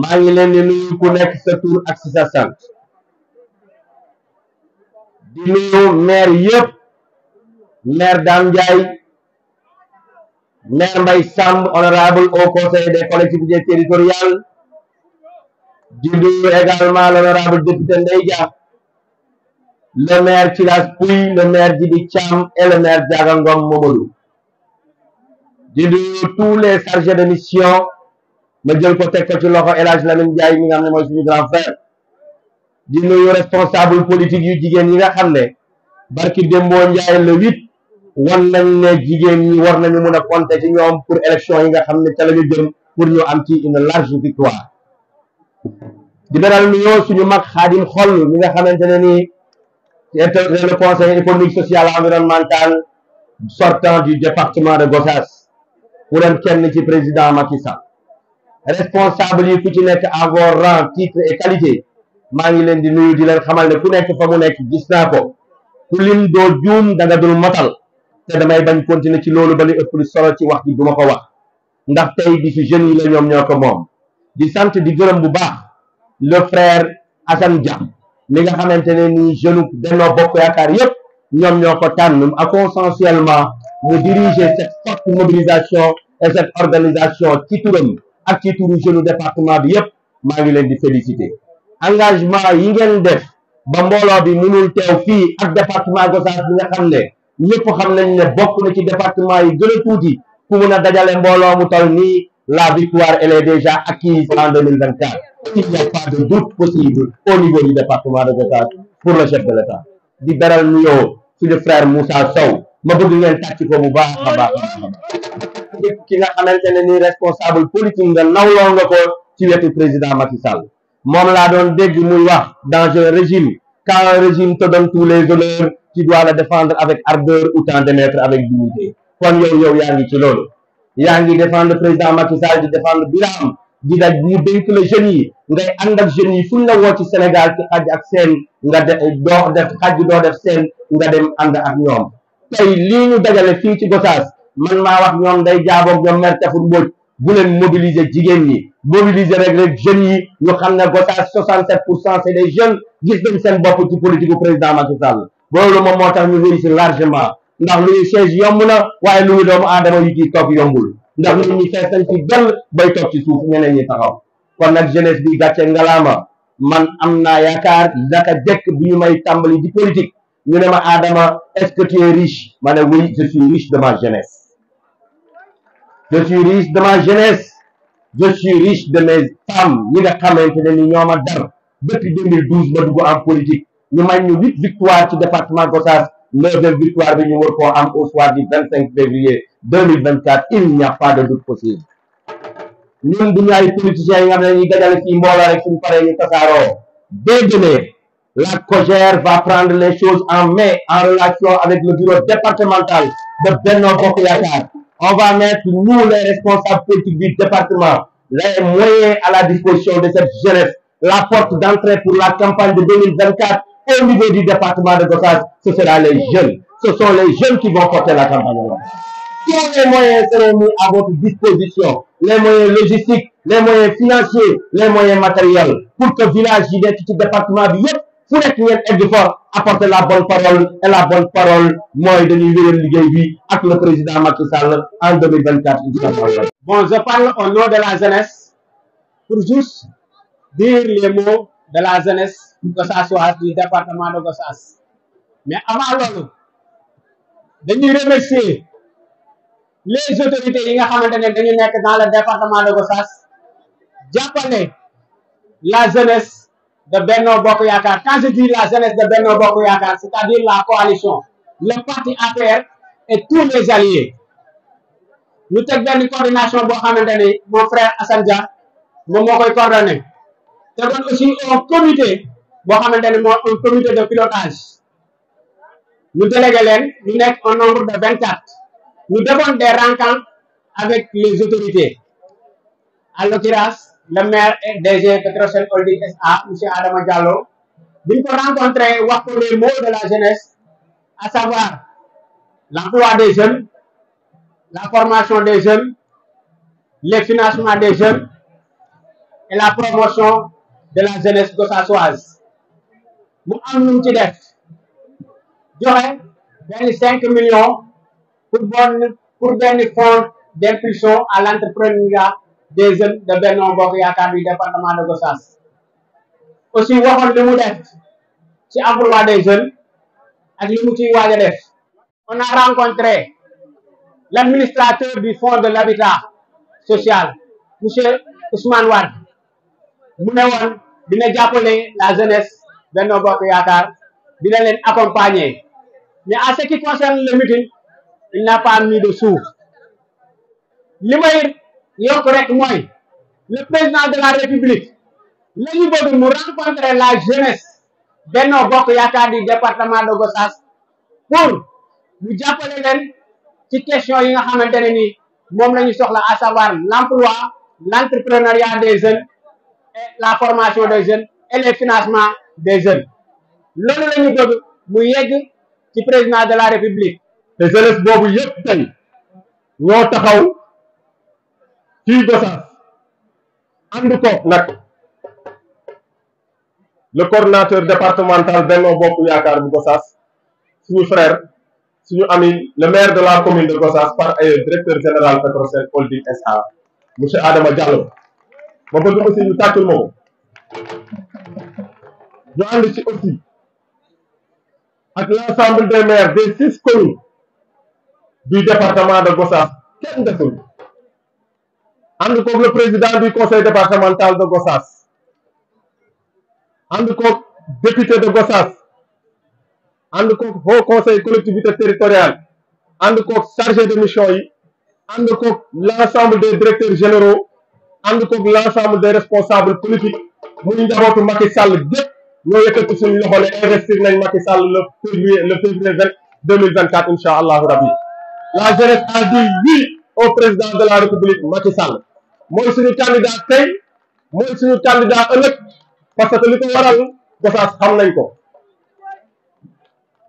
maa ngi leen di ku nekk sa tur ak sa sant di nuyu maire yëpp maire Dame Ndiaye maire Mbaye Samb honorable au conseil des collectivités territoriales di nuyu également l'honorable député Ndeye Dia le maire Thilas Pouye le maire Djibi Thiam et le maire Diaga Ngom di nuyu tous les chargés de ma jël ko teg ko ci loxo El Hadj Lamine Ndiaye mi nga xam ne mooy suñu grand frère di nuyu responsable politique yu jigéen yi nga xam ne barki Dembo Ndiaye le huit wan nañ ne jigéen ñi war nañu mun a compter ci ñoom pour élection yi nga xam ne ca la ñu jëm pour ñu am ci une large victoire di beral nuyoo suñu mag Xaadim Xoll mi nga xamante ne nii intégré le conseil économique social et sortan sortant du département de Gossas pour nen kenn ci président Macky Sall responsable yi ku ci nekk à vos rangs titre et qualité maa ngi leen di nuyu di leen xamal ne ku nekk fa mu nekk gis naa ko ku lim doo juum da nga dul matal te damay bañ continuer ci loolu ba li ëpp lu solo ci wax bi ma ko wax ndax tey bi su jeunes la ñoom ñoo ko moom di sant di gërëm bu baax le frère Assane Dia mi nga xamante ne nii jeune Benno Bokk Yaakaar yëpp ñoom ñoo ko tànn ak consensuellement mu diriger cette forte mobilisation et cette organisation ci ak ci turu jeune département bi yépp maa ngi leen di féliciter engagement yi ngeen def ba mbooloo bi mënul teew fii ak département Gossas bi nga xam ne ñëpp xam nañ ne bokk na ci département yi gën a tuuti ku mun a dajale mbooloo mu toll nii la victoire elle est déjà acquise en 2024 il n'y a pas de doute possible au niveau du département de Gossas pour le chef de l'État di beral nuyoo suñu frère Moussa Sow ma bëgg ngeen tàcc ko bu baax a képp ki nga xamante ne ni responsable politique nga nawloo nga ko ci wetu président Macky moom laa doon dégg muy wax dans un régime quand un régime te donne tous les honneurs tu dois le défendre avec ardeur ou t'en démettre avec dignité kon yow yow yaa ngi ci loolu yaa défendre président Macky Sall di défendre Birame di daj ñu dénk le jeunes yi ngay ànd ak jeunes yi fu ñu la woo ci Sénégal ci xaj ak seen nga de doo def xaj doo def seen nga dem ànd ak ñoom tey lii ñu dajale man maa wax ñoom day jaaboog ñoom mer tefur mbooj bu leen mobiliser jigéen ñi mobiliser rek rek jeunes yi ñu xam ne Gossas 67 pour cent c'est des jeunes gis nañ seen bopp ci politique bu président Macky Sall loolu moom moo tax ñu réussir largement ndax lu ñu siège yomb na waaye lu ñu doomu aadama yu ciy toog yombul ndax nit ñi fees nañ ci dell bay toog ci suuf ñeneen ñi taxaw kon nag jeunesse bi gàcce ngalaama man am naa yaakaar naka jëkk bi ñu may tàmbali di politique ñu ma Adama est-ce que tu es ma ne je suis riche de ma jeunesse je suis riche de mes femmes ñi nga xamante ne ni ñoo ma dar depuis 2012 ma dugg en politique ñu may ñu huit victoire ci département Gossas neuvième victoire bi ñu au soir du février il n'y a pas de doute possible ñun du ñu ay politiciens yi nga xam ne ñuy dajale fii mbooloo rek suñu paree la COJER va prendre les choses en main en relation avec le bureau départemental de Benno Bokk Yaakaar on va mettre, nous, les responsables politiques du département, les moyens à la disposition de cette jeunesse. La porte d'entrée pour la campagne de 2024 au niveau du département de Gossas, ce les jeunes. Ce sont les jeunes qui vont porter la campagne. Tous les moyens seront mis à votre disposition. Les moyens logistiques, les moyens financiers, les moyens matériels. Pour que le village, il est tout le département, il faut être fort apporter la bonne parole et la bonne parole mooy dañuy wéyal liggéey bi ak le président Macky Sall en 2024 incha allah. bon je parle au nom de la jeunesse pour juste dire les mots de la jeunesse gossassoise du département de Gossas mais avant loolu dañuy remercier les autorités yi nga xamante ne dañu nekk dans le département de Gossas jàppale la jeunesse. de Benno Bokk Yaakaar quand je dis la jeunesse de Benno Bokk Yaakaar c'est-à-dire la coalition le parti APR et tous les alliés ñu teg benn coordination boo xamante ne mon frère Assane Dia moom moo koy coordonné tegoon aussi un comité boo xamante ne moo un comité de pilotage ñu délégué leen ñu nekk un nombre de vingt quatre ñu defoon des rencontres avec les autorités à l'occurrence le maire et DG Petrosen Holding SA monsieur Adama Diallo bi ñu ko rencontré wax les mots de la jeunesse à savoir l'emploi des jeunes la formation des jeunes les financement des jeunes et la promotion de la jeunesse gossassoise mu am lu ci def joxe benn cinq millions pour bonne pour benn fonds d'impulsion à l'entrepreneuriat des jeunes de Benno Bokk Yaakaar du département de Gossas aussi waxoon li mu def ci emploi des jeunes ak li mu ciy waaj a def on a rencontré l'administrateur du fonds de l'habitat social monsieur Ousmane Wade mu ne dina jàppale la jeunes benn Bokk Yaakaar dina leen accompagner mais en ce le meeting il n'a de sous li yokk rek mooy le président de la république la ñu bëgg mu rencontrer la jeunesse Benno Bokk Yaakaar du département de Gossas pour mu jàppale leen ci question yi nga xamante ne ni moom la ñu soxla à savoir l'emploi l'entrepreneuriat des jeunes et la formation des jeunes et les financements des jeunes loolu la ñu bëgg mu yegg ci président de la république te jeunesse boobu yëpp tey taxaw fii Gossas ànd ko nag le coordonnateur départemental Benno Bokk Yaakaar bu Gossas suñu frère suñu ami le maire de la commune de Gossas par ailleurs directeur général Petrosen Holding SA monsieur Adama Diallo ma bëgg aussi ñu tàccul ma ñu ànd ci aussi ak l'ensemble des maires des six communes du département de Gossas kenn desul ànd koog le président du conseil départemental de Gossas ànd koog député de Gossas ànd koog haut conseil collectivité territoriale ànd koog chargé de mission yi ànd koog l'ensemble des directeurs généraux ànd koog l'ensemble des responsables politiques muy njabootu Macky Sall gépp ñoo yëkkati suñu loxo investir nañ Macky Sall le février le février vingt deux mille vingt quatre incha allahu rabi la jeunesse a dit oui au président de la république Macky Sall mooy suñu candidat tey mooy suñu candidat ëllëg parce que li ko waral Gossas xam nañ ko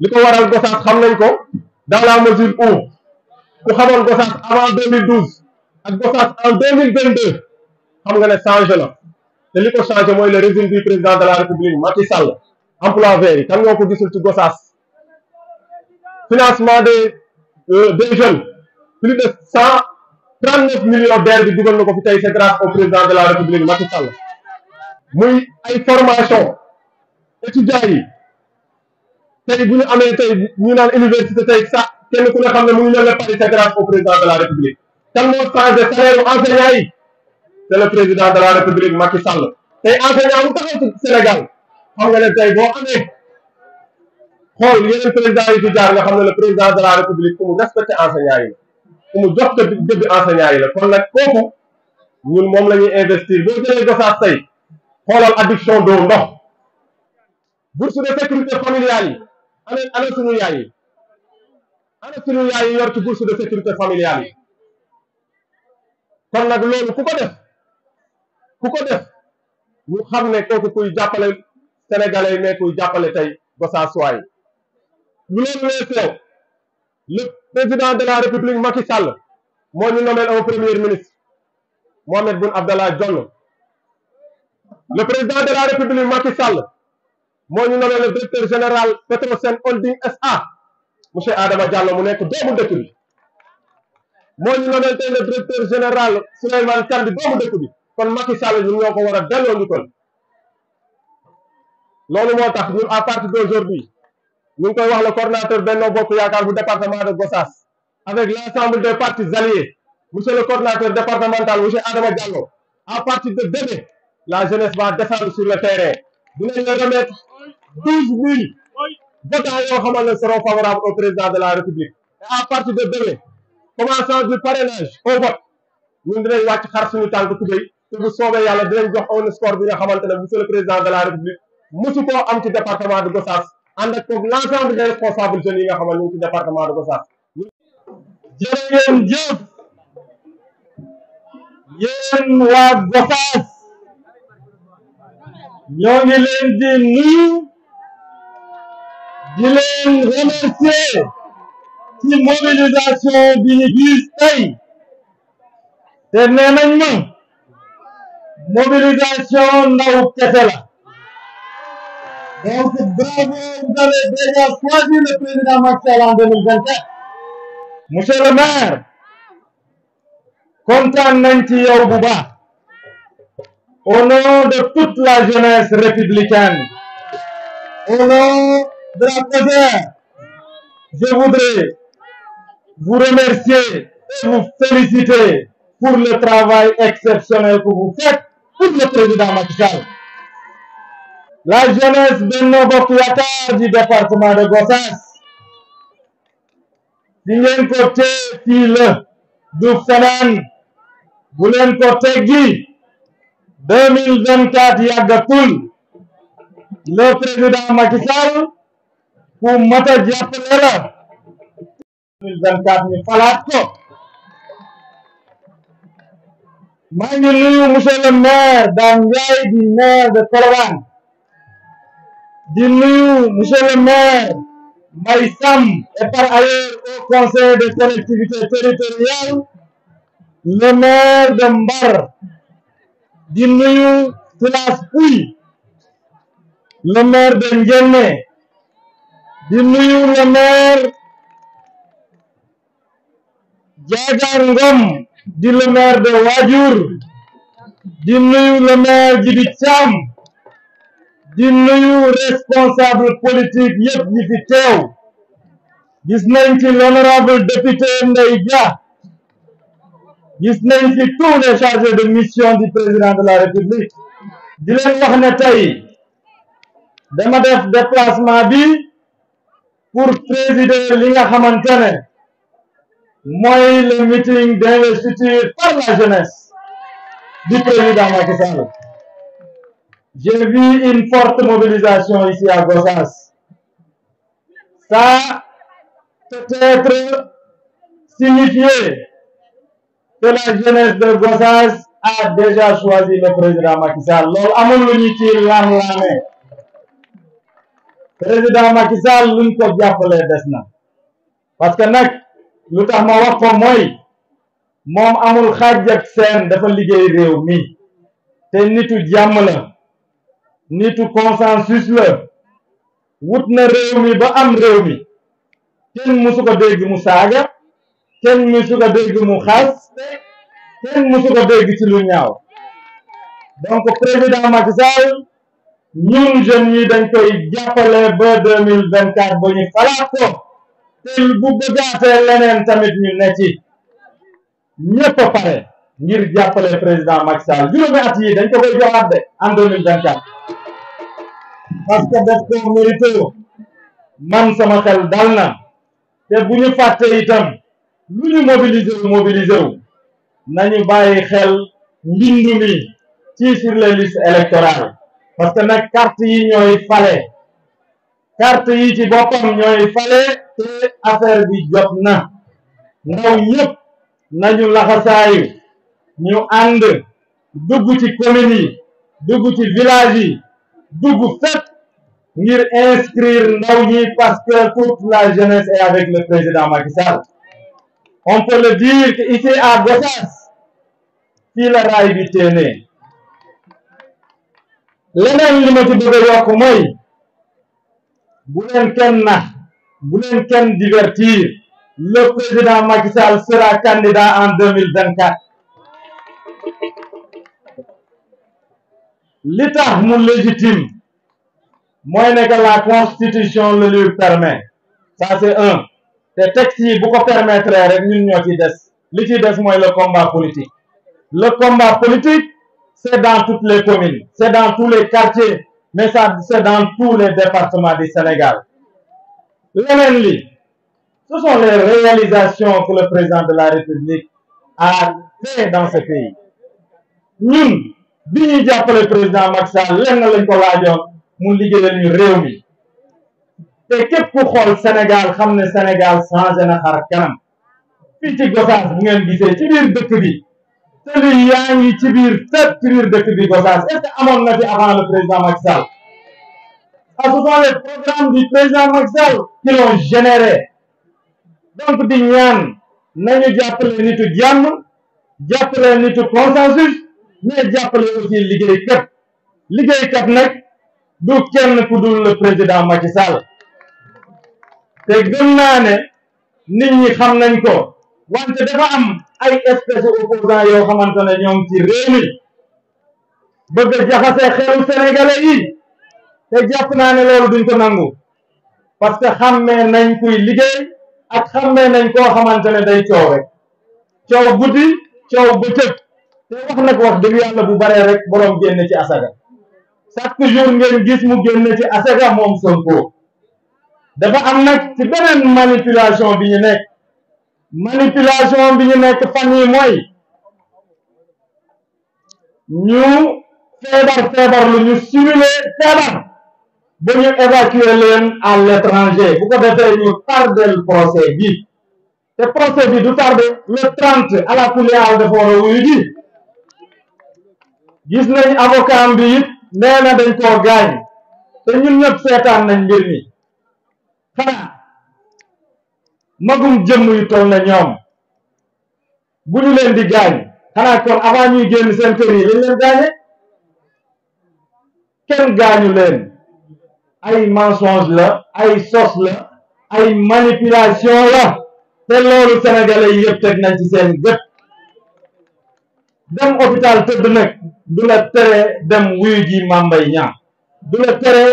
li ko waral Gossas xam nañ ko dans la mesure où ku xamoon Gossas avant 2012 ak Gossas en 2022 xam nga ne changé la te li ko changé mooy le régime du président de la république Macky Sall emploi vert yi kan ñoo ko gisul ci Gossas financement des euh, des jeunes plus de cent trente neuf milliardaires bi dugal na ko fi tey c'est grâce au président de la république Macky Sall muy ay formation étudiants yi tey bu ñu amee tey ñu naan université tey sax kenn ku ne xam ne mu ngi mel ne Paris c'est grâce au président de la république kan moo changé salaire u enseignants yi c'est président de la république Macky Sall tey enseignant bu taxaw ci Sénégal xam nga ne tey boo amee xool yeneen président yi fi jaar nga xam ne le président de la république ku mu respecté enseignants yi ku mu jox dëgg dëgg enseignant yi la kon nag kooku ñun moom la ñuy investir boo jëlee Gossas tey xoolal adduction d'eau ndox bourse de sécurité familiale yi ana ana suñu yaay ana suñu yaay yi yor ci de sécurité familiale kon nag loolu ku ko def ku ko def ñu xam ne kooku kuy jàppale sénégalais yi kuy jàppale tey Gossassois yi lu leen lee teew le président de la république Macky Sall moo ñu nommé un premier ministre Mohamed Boun Abdallah Dionne le président de la république Macky Sall moo ñu nommé le directeur général Petrosen Holding SA monsieur Adama Diallo mu nekk doomu dëkk bi moo ñu nommé tey le directeur général Souleymane Kandji doomu dëkk bi kon Macky Sall ñun ñoo ko war a delloo ñu kon loolu moo tax ñun à partir d'aujourd'hui ñu ngi koy wax le coordonnateur Benno Bokk Yaakaar bu département de Gossas avec l'ensemble des partis alliés monsieur le coordonnateur départemental monsieur Adama Diallo à partir de demain la jeunesse va descendre sur le terrain dinañ la remettre douze mille votants yoo xamal au président de la république et à partir de demain commençant du parrainage au vote ñun dinañ wàcc xar suñu tànk tubéy te bu soobee yàlla dinañ jox un score bi nga xamante ne monsieur le président de la république mosu koo am ànd ak l' ensemble des responsables jeunes yi nga xam ne ñu ngi ci département de Gossas. jërë ngeen jëf yéen leen di nuyu di leen remercier ci mobilisation bi ñu tey te nee nañ mobilisation ndaw kese la. Donc, bravo, vous avez déjà choisi le président Maxel en Monsieur le maire, kontaan nañ ci yow bu baax. Au nom de toute la jeunesse républicaine, au nom de la Cojer, je voudrais vous remercier et vous féliciter pour le travail exceptionnel que vous faites pour le président Macky la jeunesse Benno Bokk Yaakaar du département de Gossas di ngeen ko tee fii la du fanaan bu leen ko teggi 2024 yàggatul le président Macky Sall ku mat a jàppale la 2024 ñu falaat ko maa ngi le maire Dame Ndiaye maire de Colobane di nuyu monsieur le maire Mbaye et par ailleurs au conseil des collectivités territoriales le maire de Mbar di nuyu Silas Pouy le maire de Ndiémé di nuyu le maire Diaga di le maire de Wadiour di nuyu le maire Djibi di nuyu responsable politique yëpp ñi fi teew gis nañ fi l'honorable député Ndeye Dia gis nañ fi tous les chargés de mission du président de la république di leen wax ne tey dama def déplacement bi pour présider li nga xamante ne le meeting d'investiture par la jeunesse du président Macky J'ai vu une forte mobilisation ici à Gossas. Ça peut être signifié que la jeunesse de Gossas a déjà choisi le président Macky Sall loolu amul lu ñu ci lam-lame président Macky Sall luñ ko jàppalee des na parce que nag lu tax ma wax ko mooy moom amul xaaj ak seen dafa liggéey réew mi te nitu jàmm la nitu consensus la wut na réew mi ba am réew mi kenn musu ko dégg mu saaga kenn musu ko dégg mu xas kenn musu ko dégg ci lu ñaaw donc président Macky Sall ñun jeunes yi dañ koy jàppale ba deux mille vingt quatre ba ñu xalaat ko te bu bëggaatee leneen tamit ñu ne ci ñëpp a pare ngir jàppale président Macky Sall juróomi at yi dañ ko koy joxaat de en deux mille vingt parce que daf ko mérité man sama xel dal na te bu ñu fàtte itam lu ñu mobiliser wu mobiliser wu bàyyi xel mbindu mi ci sur les listes électorales parce que nag carte yi ñooy fale carte yi ci boppam ñooy fale te affaire bi jot na ndaw ñëpp nañu laxasaayu ñu ànd dugg ci communes yi dugg ci village yi ngir inscrire ndaw parce que toute la jeunesse est avec le président Macky Sall on peut le dire que ici à Gossas fii la raay bi li ma ci bëgg a yokk mooy bu leen kenn bu leen divertir le président Macky sera candidat en li tax mu légitime mooy ne la constitution le lui permet ça c'est un te texte yi bu ko permettre rek ñun ñoo ci des li ci des mooy le combat politique le combat politique c'est dans toutes les communes c'est dans tous les quartiers mais ça c'est dans tous les départements du Sénégal leneen li ce sont les réalisations que le président de la République a fait dans ce pays ñun bi ñuy jàppale président Macky Sall lenn lañ ko laajoon mu liggéeyal ñu réew mi te képp ku Sénégal xam ne Sénégal changé na xar kanam fii ci Gossas bu ngeen gisee ci biir dëkk bi te ngi ci biir fépp ci biir dëkk bi Gossas est-ce que amoon na fi avant le président Macky Sall ce sont les programmes du président Macky qui l'ont généré donc di ñaan nañu jàppale nitu jàmm jàppale nitu consensus mais jàppale aussi liggéey kat nag du kenn ku dul le président Macky Sall te gëm naa ne nit ñi xam nañ ko wante dafa am ay espèce opposant yoo xamante ne ñoom ci réew mi bëgg a jaxase xelu sénégalais te jàpp naa ne loolu duñ ko nangu parce que xammee nañ kuy liggéey ak xammee nañ koo xamante ne day coow rek coow guddi coow bëccëg te wax nag wax dëgg yàlla bu baree rek borom génn ci asaga chaque jour ngeen gis mu génn ci asaga moom Sonko dafa am nag ci beneen manipulation bi ñu nekk bi ñu nekk fan yi mooy ñu feebar feebar lu ñu simuler feebar ba ñu évacuer leen à bu ko defee ñu tardel procès bi te procès bi du tardé le 30 à la kulli dafa war a wuyu gis nañ avocat bi it nee na dañ koo gaañ te ñun ñëpp seetaan nañ mbir mi xanaa magum jëmm yu toll na ñoom bu ñu leen di gaañ xanaa kon avant ñuy génn seen kër leen gaañe kenn gaañu leen ay mensonge la ay sos la ay manipulation la te loolu sénégalais yi yëpp teg nañ ci seen gët dem hôpital tëdd nag du la tere dem wuyu ji mambay ñaa du la tere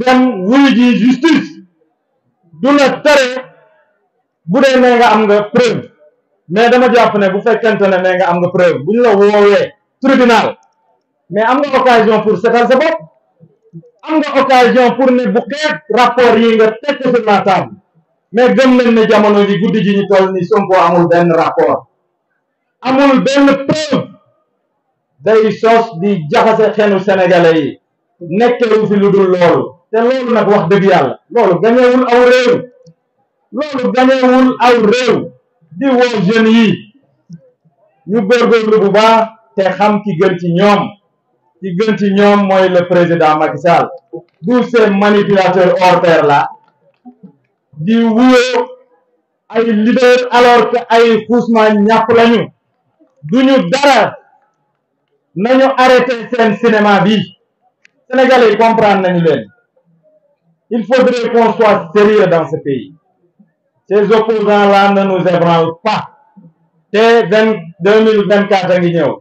dem wuyu justice du la tere bu dee nee nga am nga preuve mais dama jàpp ne bu fekkente ne nee nga am nga preuve bu ñu la woowee tribunal mais am nga occasion pour setal sa bopp am nga occasion pour ne bu xeet rapport yi nga teg ko sur la table mais gëm nañ ne jamono ji guddi ji ñu ni Sonko amul benn rapport amul benn preuve day sos di jaxase xenu sénégalais yi nekkewu fi lu dul loolu te loolu nag wax dëgg yàlla loolu gañewul aw réew loolu gañewul aw réew di woo yi ñu góorgóorlu bu baax te xam ki gën ci ñoom ki gën ci ñoom mooy le président Macky Sall d'où ces manipulateurs hors pair là di wuyoo ay leader alors que ay xuusma ñàpp lañu du duñu dara nañu arrêté seen cinéma bi sénégalais yi comprendre nañu leen il faudrait qu'on soit sérieux dans ce pays ces opposants là ne nous ébranlent pas te vingt deux mille vingt quatre a ngi ñëw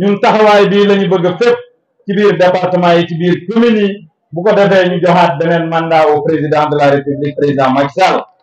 ñun taxawaay bii la ñu bëgg fépp ci biir département yi ci biir communes yi bu ko defee ñu joxaat beneen mandat au président de la république président Macky Sall